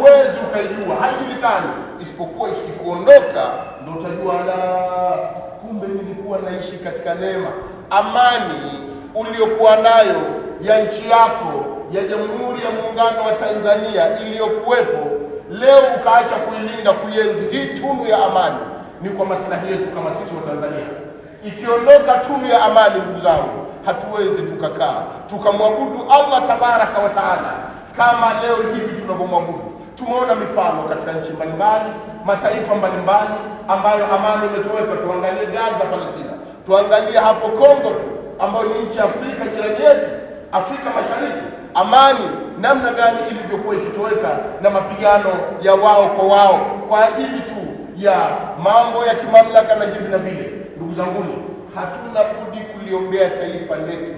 huwezi ukaijua, haijulikani, isipokuwa ikikuondoka ndio utajua, la, kumbe nilikuwa naishi katika neema. Amani uliyokuwa nayo ya nchi yako ya Jamhuri ya Muungano wa Tanzania iliyokuwepo, leo ukaacha kuilinda, kuienzi hii tunu ya amani, ni kwa maslahi yetu kama sisi wa Tanzania. Ikiondoka tunu ya amani, ndugu zangu, hatuwezi tukakaa tukamwabudu Allah tabaraka wa taala kama leo hivi tunavyomwabudu. Tumeona mifano katika nchi mbalimbali, mataifa mbalimbali ambayo amani imetoweka. Tuangalie Gaza, Palestina, tuangalie hapo Kongo tu ambayo ni nchi ya Afrika jirani yetu, Afrika Mashariki, amani namna gani ilivyokuwa ikitoweka na mapigano ya wao kwa wao kwa ajili tu ya mambo ya kimamlaka na hivi na vile. Ndugu zanguni, hatuna budi kuliombea taifa letu,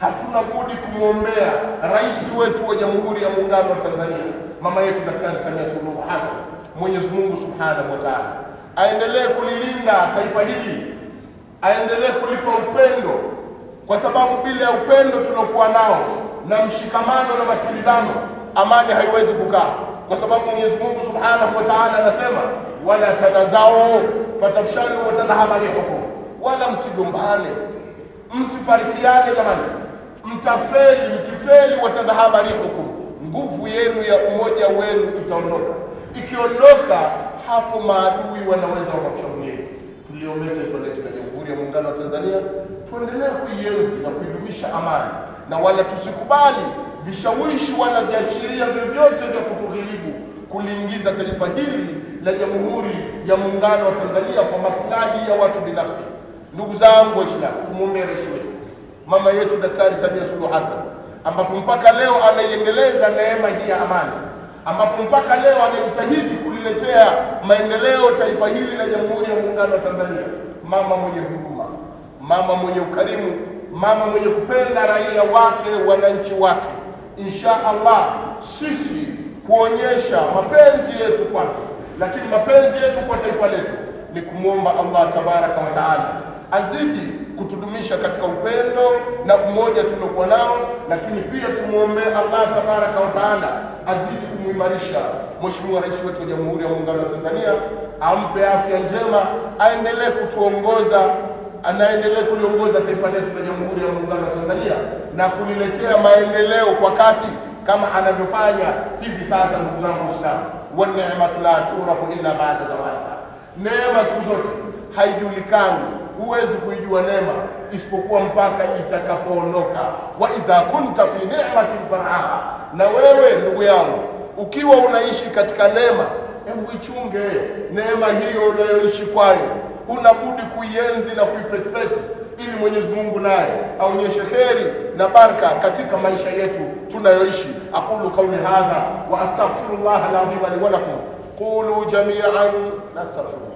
hatuna budi kumwombea rais wetu wa Jamhuri ya Muungano wa Tanzania mama yetu Daktari Samia Suluhu Hassan, Mwenyezi Mungu Subhanahu wa Ta'ala aendelee kulilinda taifa hili, aendelee kulipa upendo, kwa sababu bila ya upendo tunaokuwa nao na mshikamano na masikilizano, amani haiwezi kukaa, kwa sababu Mwenyezi Mungu Subhanahu wa Ta'ala anasema wala tanazao fatafshalu wa tadhhabu wala msigombane, msifarikiane jamani, mtafeli. Mkifeli watadhhabu rihukum nguvu yenu ya umoja wenu itaondoka. Ikiondoka hapo, maadui wanaweza wakakushambulia. Tuliombe taifa letu la Jamhuri ya Muungano wa Tanzania, tuendelee kuienzi na kuidumisha amani, na wala tusikubali vishawishi wala viashiria vyovyote vya kutughilibu kuliingiza taifa hili la Jamhuri ya Muungano wa Tanzania kwa maslahi ya watu binafsi. Ndugu zangu Waislamu, tumwombee rais wetu mama yetu Daktari Samia Suluhu Hassan ambapo mpaka leo anaiendeleza neema hii ya amani, ambapo mpaka leo anajitahidi kuliletea maendeleo taifa hili la Jamhuri ya Muungano wa Tanzania. Mama mwenye huruma, mama mwenye ukarimu, mama mwenye kupenda raia wake, wananchi wake. Insha Allah sisi kuonyesha mapenzi yetu kwake, lakini mapenzi yetu kwa taifa letu ni kumwomba Allah tabaraka wa taala azidi kutudumisha katika upendo umoja tuliokuwa nao, lakini pia tumwombee Allah tabaraka wa taala azidi kumuimarisha Mheshimiwa Rais wetu wa Jamhuri ya Muungano wa Tanzania, ampe afya njema, aendelee kutuongoza anaendelee kuliongoza taifa letu la Jamhuri ya Muungano wa Tanzania na kuliletea maendeleo kwa kasi kama anavyofanya hivi sasa. Ndugu zangu Waislamu, wa neematu la turafu illa baada zawaliha, neema siku zote haijulikani huwezi kuijua neema isipokuwa mpaka itakapoondoka. wa idha kunta fi ni'matin faraha, na wewe ndugu yangu ukiwa unaishi katika neema, hebu ichunge neema hiyo unayoishi kwayo, unabudi kuienzi na kuipetipeti ili Mwenyezi Mungu naye aonyeshe kheri na baraka katika maisha yetu tunayoishi. aqulu qauli hadha wa astaghfirullah alazim li wa lakum qulu jami'an nastaghfir